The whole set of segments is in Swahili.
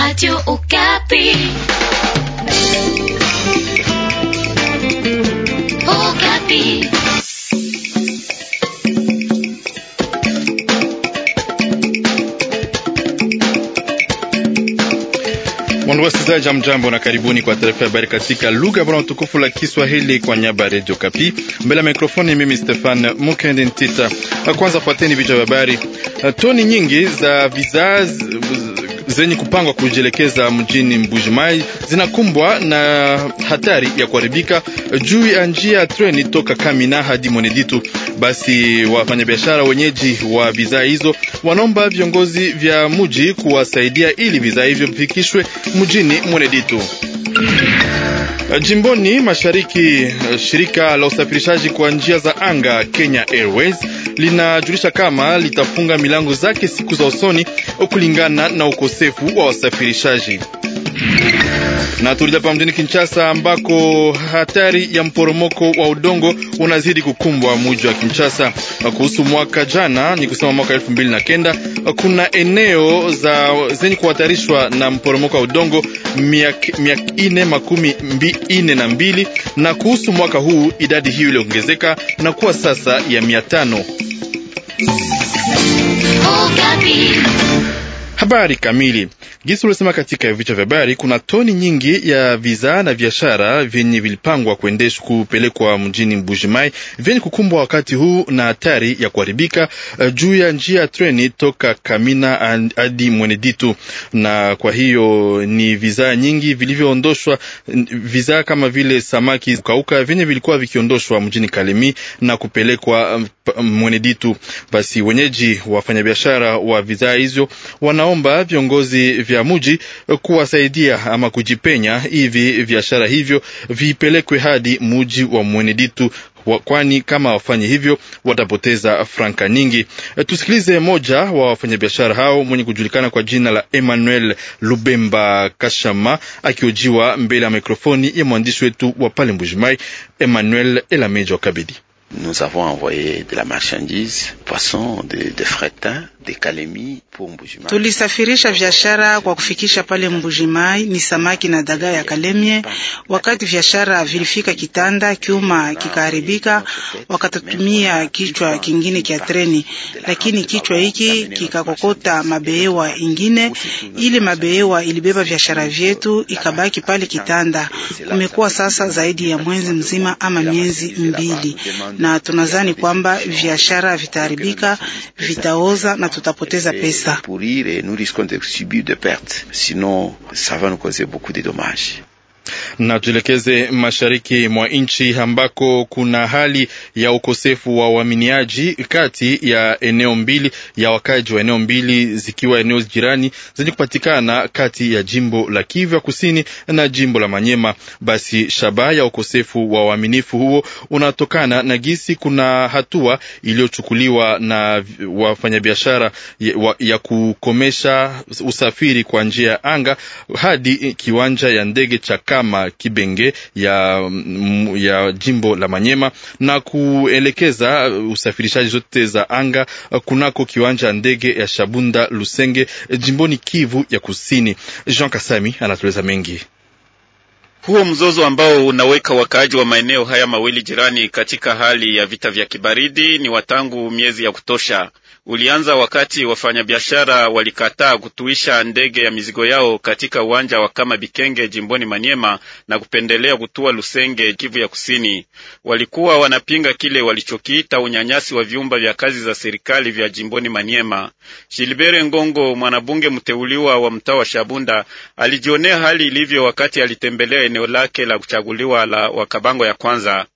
Radio Okapi. Okapi. Mwandu mjambo na karibuni kwa taarifa ya habari katika lugha bora utukufu la Kiswahili kwa nyaba ya Radio Kapi. Mbele ya mikrofoni mimi Stefan Mukende Ntita. Kwanza fuateni vichwa vya habari. Toni nyingi za vizazi zenye kupangwa kujielekeza mjini Mbujimai zinakumbwa na hatari ya kuharibika juu ya njia ya treni toka Kamina hadi Mweneditu. Basi wafanyabiashara wenyeji wa bidhaa hizo wanaomba viongozi vya mji kuwasaidia ili bidhaa hivyo vifikishwe mjini Mweneditu. Jimboni mashariki, eh, shirika la usafirishaji kwa njia za anga Kenya Airways linajulisha kama litafunga milango zake siku za usoni kulingana na ukosefu wa wasafirishaji. Na turudi hapa mjini Kinshasa ambako hatari ya mporomoko wa udongo unazidi kukumbwa mji wa Kinshasa. Kuhusu mwaka jana, ni kusema mwaka elfu mbili na kenda, kuna eneo za zenye kuhatarishwa na mporomoko wa udongo mia ine makumi mbi, ine na mbili, na kuhusu mwaka huu idadi hiyo iliongezeka na kuwa sasa ya mia tano. Habari kamili jinsi ulisema katika vichwa vya habari, kuna toni nyingi ya vizaa na biashara vyenye vilipangwa kuendeshwa kupelekwa mjini Mbujimai vyenye kukumbwa wakati huu na hatari ya kuharibika uh, juu ya njia ya treni toka Kamina hadi Mweneditu, na kwa hiyo ni vizaa nyingi vilivyoondoshwa, vizaa kama vile samaki kauka vyenye vilikuwa vikiondoshwa mjini Kalemi na kupelekwa eh, Mweneditu. Basi wenyeji wafanyabiashara wa vizaa hizo wana inaomba viongozi vya muji kuwasaidia ama kujipenya hivi biashara hivyo vipelekwe hadi muji wa Mweneditu, kwani kama wafanye hivyo watapoteza franka nyingi. E, tusikilize moja wa wafanyabiashara hao mwenye kujulikana kwa jina la Emmanuel Lubemba Kashama akiojiwa mbele ya mikrofoni ya mwandishi wetu wa pale Mbujimai, Emmanuel Elamejo Kabidi. Nous avons envoyé de la marchandise, poisson, de Tulisafirisha biashara kwa kufikisha pale Mbujimai ni samaki na dagaa ya Kalemie. Wakati biashara vilifika Kitanda, kiuma kikaharibika, wakatutumia kichwa kingine kia treni, lakini kichwa hiki kikakokota mabehewa ingine. Ile mabehewa ilibeba biashara vyetu ikabaki pale Kitanda. Kumekuwa sasa zaidi ya mwezi mzima ama miezi mbili, na tunazani kwamba biashara vitaharibika, vitaoza na pourrir et nous risquons de subir des pertes sinon ça va nous causer beaucoup de dommages Na tuelekeze mashariki mwa nchi ambako kuna hali ya ukosefu wa uaminiaji kati ya eneo mbili ya wakaji wa eneo mbili zikiwa eneo jirani zenye kupatikana kati ya jimbo la Kivu ya kusini na jimbo la Manyema. Basi shabaha ya ukosefu wa uaminifu huo unatokana na gisi kuna hatua iliyochukuliwa na wafanyabiashara ya kukomesha usafiri kwa njia ya anga hadi kiwanja ya ndege cha Kama Kibenge ya, mm, ya jimbo la Manyema na kuelekeza usafirishaji zote za anga kunako kiwanja ndege ya Shabunda Lusenge jimboni Kivu ya Kusini. Jean Kasami anatueleza mengi. Huo mzozo ambao unaweka wakaaji wa maeneo haya mawili jirani katika hali ya vita vya kibaridi ni watangu miezi ya kutosha ulianza wakati wafanyabiashara walikataa kutuisha ndege ya mizigo yao katika uwanja wa Kama Bikenge jimboni Maniema na kupendelea kutua Lusenge, Kivu ya Kusini. Walikuwa wanapinga kile walichokiita unyanyasi wa vyumba vya kazi za serikali vya jimboni Maniema. Gilbert Ngongo, mwanabunge mteuliwa wa mtaa wa Shabunda, alijionea hali ilivyo wakati alitembelea eneo lake la kuchaguliwa la Wakabango ya kwanza.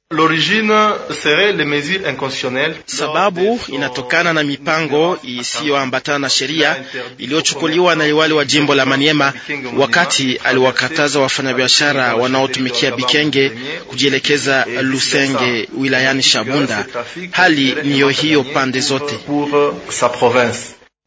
Sababu inatokana na mipango isiyoambatana na sheria iliyochukuliwa na liwali wa jimbo la Maniema wakati aliwakataza wafanyabiashara wanaotumikia Bikenge kujielekeza Lusenge wilayani Shabunda. Hali niyo hiyo pande zote.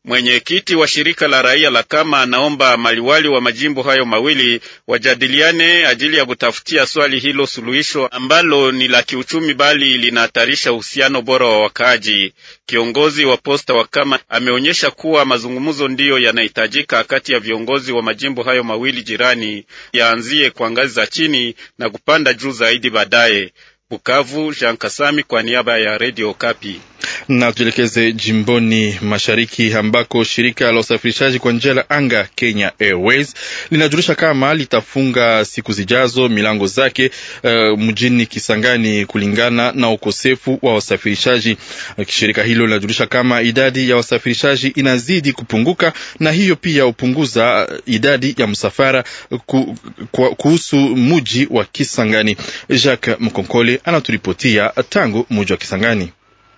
Mwenyekiti wa shirika la raia la Kama anaomba maliwali wa majimbo hayo mawili wajadiliane ajili ya kutafutia swali hilo suluhisho ambalo ni la kiuchumi, bali linahatarisha uhusiano bora wa wakaaji. Kiongozi wa posta wa Kama ameonyesha kuwa mazungumzo ndiyo yanahitajika kati ya viongozi wa majimbo hayo mawili jirani, yaanzie kwa ngazi za chini na kupanda juu zaidi baadaye. Bukavu, Jean Kasami kwa niaba ya Radio Kapi. Na tuelekeze jimboni mashariki ambako shirika la usafirishaji kwa njia la anga Kenya Airways linajulisha kama litafunga siku zijazo milango zake uh, mjini Kisangani kulingana na ukosefu wa wasafirishaji. Shirika hilo linajulisha kama idadi ya wasafirishaji inazidi kupunguka, na hiyo pia hupunguza eh, idadi ya msafara ku, ku, kuhusu muji wa Kisangani. Jacques Mkonkole anaturipotia tangu muji wa Kisangani.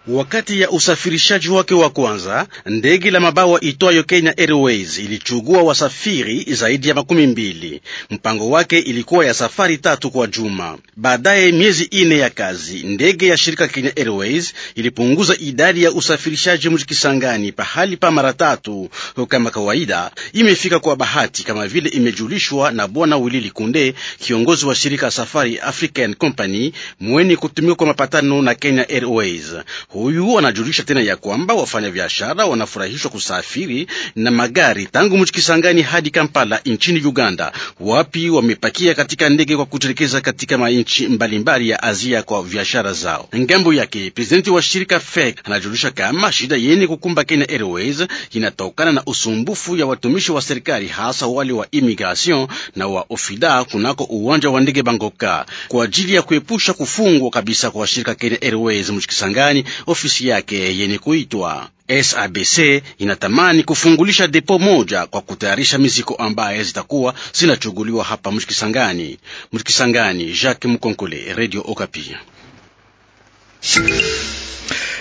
Wakati ya usafirishaji wake wa kwanza, ndege la mabawa itwayo Kenya Airways ilichugua wasafiri zaidi ya makumi mbili. Mpango wake ilikuwa ya safari tatu kwa juma. Baadaye miezi ine ya kazi, ndege ya shirika Kenya Airways ilipunguza idadi ya usafirishaji mji Kisangani pahali pa mara tatu. Kama kawaida, imefika kwa bahati, kama vile imejulishwa na Bwana Wilili Kunde, kiongozi wa shirika Safari African Company mweni kutumiwa kwa mapatano na Kenya Airways. Huyu anajulisha tena ya kwamba wafanyabiashara wanafurahishwa kusafiri na magari tangu Mchikisangani hadi Kampala nchini Uganda, wapi wamepakia katika ndege kwa kutelekeza katika mainchi mbalimbali ya Asia kwa biashara zao. Ngambo yake prezidenti wa shirika FEC anajulisha kama shida yeni kukumba Kenya Airways inatokana na usumbufu ya watumishi wa serikali hasa wale wa immigration na wa ofida kunako uwanja wa ndege Bangoka kwa ajili ya kuepusha kufungwa kabisa kwa shirika Kenya Airways Mchikisangani ofisi yake yenye kuitwa SABC inatamani kufungulisha depo moja kwa kutayarisha miziko ambaye zitakuwa zinachuguliwa hapa Mshikisangani. Mshikisangani, Jacques Mkonkole, Radio Okapi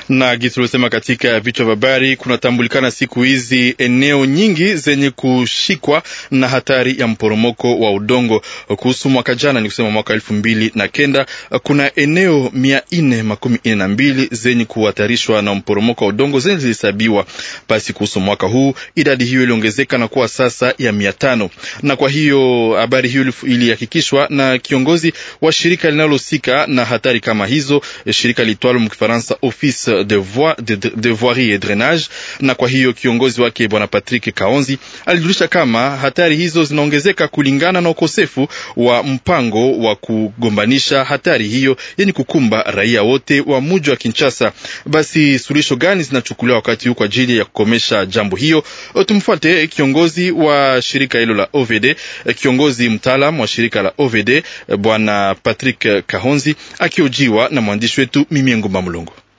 na gisi uliosema katika vichwa vya habari, kunatambulikana siku hizi eneo nyingi zenye kushikwa na hatari ya mporomoko wa udongo. Kuhusu mwaka jana, ni kusema mwaka elfu mbili na kenda kuna eneo mia nne makumi nne na mbili zenye kuhatarishwa na mporomoko wa udongo zenye zilihesabiwa. Basi kuhusu mwaka huu idadi hiyo iliongezeka na kuwa sasa ya mia tano na kwa hiyo habari hiyo ilihakikishwa na kiongozi wa shirika linalohusika na hatari kama hizo, eh, shirika liitwalo mkifaransa Office de, voie, de, de voirie et drainage, na kwa hiyo kiongozi wake bwana Patrick Kaonzi alijulisha kama hatari hizo zinaongezeka kulingana na ukosefu wa mpango wa kugombanisha hatari hiyo yenye kukumba raia wote wa mji wa Kinshasa. Basi suluhisho gani zinachukuliwa wakati huu kwa ajili ya kukomesha jambo hiyo? Tumfuate kiongozi wa shirika hilo la OVD, kiongozi mtaalam wa shirika la OVD bwana Patrick Kahonzi akiojiwa na mwandishi wetu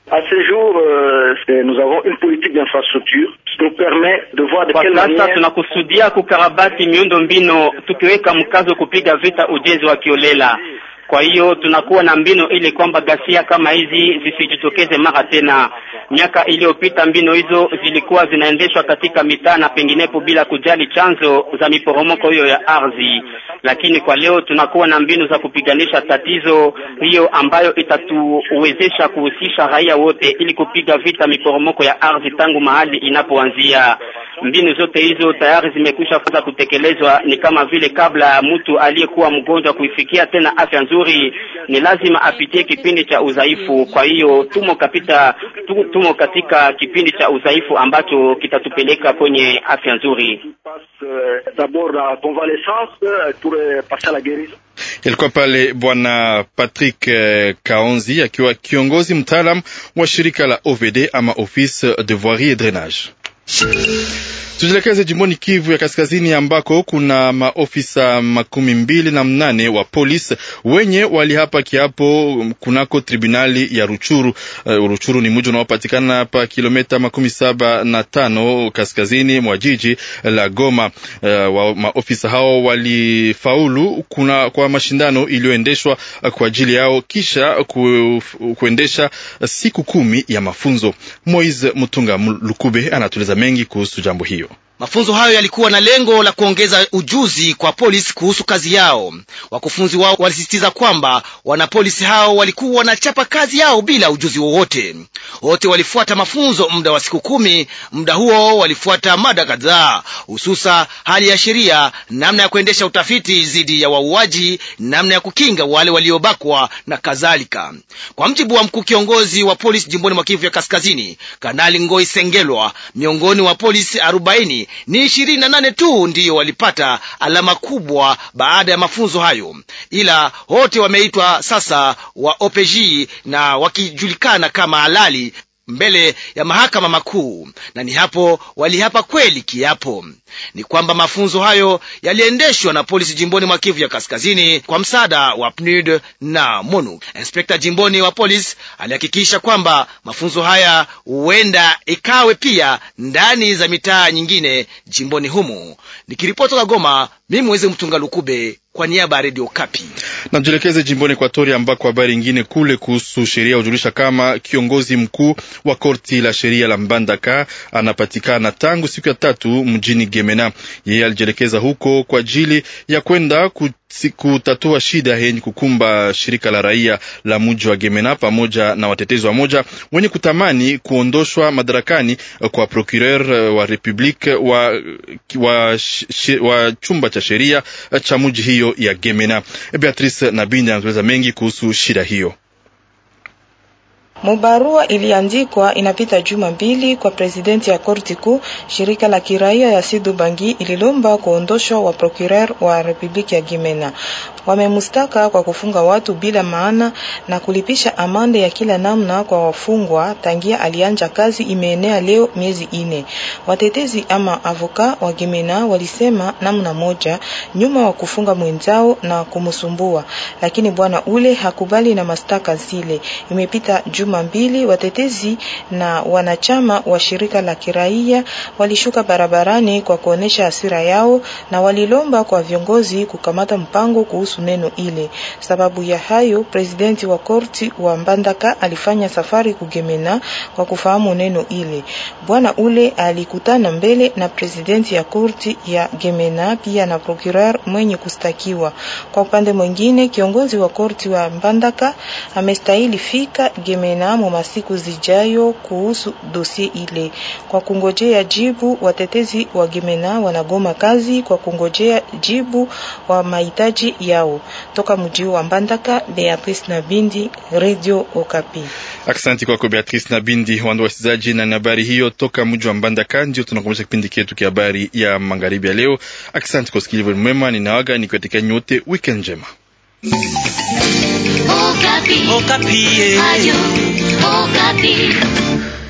À ce jour, euh, nous avons une politique d'infrastructure qui nous permet de voir de quelle Kwa hiyo tunakuwa na mbinu ili kwamba ghasia kama hizi zisijitokeze mara tena. Miaka iliyopita mbinu hizo zilikuwa zinaendeshwa katika mitaa na penginepo bila kujali chanzo za miporomoko hiyo ya ardhi, lakini kwa leo tunakuwa na mbinu za kupiganisha tatizo hiyo ambayo itatuwezesha kuhusisha raia wote ili kupiga vita miporomoko ya ardhi tangu mahali inapoanzia mbinu zote hizo tayari zimekwisha kuanza kutekelezwa. Ni kama vile kabla ya mtu aliyekuwa mgonjwa kuifikia tena afya nzuri, ni lazima apitie kipindi cha udhaifu. Kwa hiyo tumo kapita, tumo katika kipindi cha udhaifu ambacho kitatupeleka kwenye afya nzuri. Ilikuwa pale Bwana Patrick eh, Kaonzi akiwa kiongozi mtaalam wa shirika la OVD ama Office de Voirie et Drainage. Tujielekeze jimboni Kivu ya Kaskazini, ambako kuna maofisa makumi mbili na mnane wa polisi wenye walihapa kiapo kunako tribunali ya Ruchuru. Uh, Ruchuru ni mji unaopatikana hapa kilometa makumi saba na tano kaskazini mwa jiji la Goma. Uh, maofisa hao walifaulu kuna kwa mashindano iliyoendeshwa kwa ajili yao kisha ku, kuendesha siku kumi ya mafunzo. Moise Mutunga Lukube anatueleza mengi kuhusu jambo hiyo. Mafunzo hayo yalikuwa na lengo la kuongeza ujuzi kwa polisi kuhusu kazi yao. Wakufunzi wao walisisitiza kwamba wanapolisi hao walikuwa wanachapa kazi yao bila ujuzi wowote. Wote walifuata mafunzo muda wa siku kumi. Muda huo walifuata mada kadhaa, hususa hali ya sheria, namna ya kuendesha utafiti dhidi ya wauaji, namna ya kukinga wale waliobakwa na kadhalika. Kwa mjibu wa mkuu kiongozi wa polisi jimboni mwa Kivu ya Kaskazini, Kanali Ngoi Sengelwa, miongoni wa polisi arobaini ni ishirini na nane tu ndiyo walipata alama kubwa baada ya mafunzo hayo, ila wote wameitwa sasa wa opeji na wakijulikana kama alali mbele ya mahakama makuu, na ni hapo walihapa kweli kiapo. Ni kwamba mafunzo hayo yaliendeshwa na polisi jimboni mwa Kivu ya Kaskazini kwa msaada wa PNUD na MONUC. Inspekta jimboni wa polisi alihakikisha kwamba mafunzo haya huenda ikawe pia ndani za mitaa nyingine jimboni humu. Nikiripoti toka Goma, mimi mweze mtunga Lukube kwa niaba ya Radio Kapi. Na jimboni Ekwatori ambako habari ingine kule kuhusu sheria hujulisha kama kiongozi mkuu wa korti la sheria la Mbandaka anapatikana tangu siku ya tatu mjini Gemena. Yeye alijielekeza huko kwa ajili ya kwenda ku kutatua shida yenye kukumba shirika la raia la mji wa Gemena pamoja na watetezi wa moja wenye kutamani kuondoshwa madarakani kwa procureur wa republique wa, wa, wa chumba cha sheria cha mji hiyo ya Gemena. Beatrice Nabindi anatueleza mengi kuhusu shida hiyo. Mubarua iliandikwa inapita juma mbili kwa presidenti ya korti kuu. Shirika la kiraia ya Sidu Bangi ililomba kuondoshwa wa prokureur wa republiki ya Gimena wamemustaka kwa kufunga watu bila maana na kulipisha amande ya kila namna kwa wafungwa tangia alianja kazi imeenea leo miezi ine. Watetezi ama avoka wa Gemena walisema namna moja nyuma wa kufunga mwenzao na kumusumbua lakini bwana ule hakubali na mastaka zile. Imepita juma mbili, watetezi na wanachama wa shirika la kiraia walishuka barabarani kwa kuonesha hasira yao na walilomba kwa viongozi kukamata mpango kuhusu kuhusu neno ile. Sababu ya hayo, presidenti wa korti wa Mbandaka alifanya safari kugemena kwa kufahamu neno ile. Bwana ule alikutana mbele na presidenti ya korti ya Gemena pia na prokurar mwenye kustakiwa. Kwa upande mwingine, kiongozi wa korti wa Mbandaka amestahili fika Gemena mu masiku zijayo kuhusu dosie ile. Kwa kungojea jibu, watetezi wa Gemena wanagoma kazi kwa kungojea jibu wa mahitaji yao yao. Toka mji wa Mbandaka, Beatrice Nabindi, Radio Okapi. Asante kwako Beatrice Nabindi. Wandu wasikizaji, na habari hiyo toka mji wa Mbandaka ndio tunakomesha kipindi chetu cha habari ya magharibi ya leo. Asante kwa usikilivu mwema, ninaaga nikiwatakia nyote weekend njema. Okapi. Okapi. Eh. Ayo, Okapi.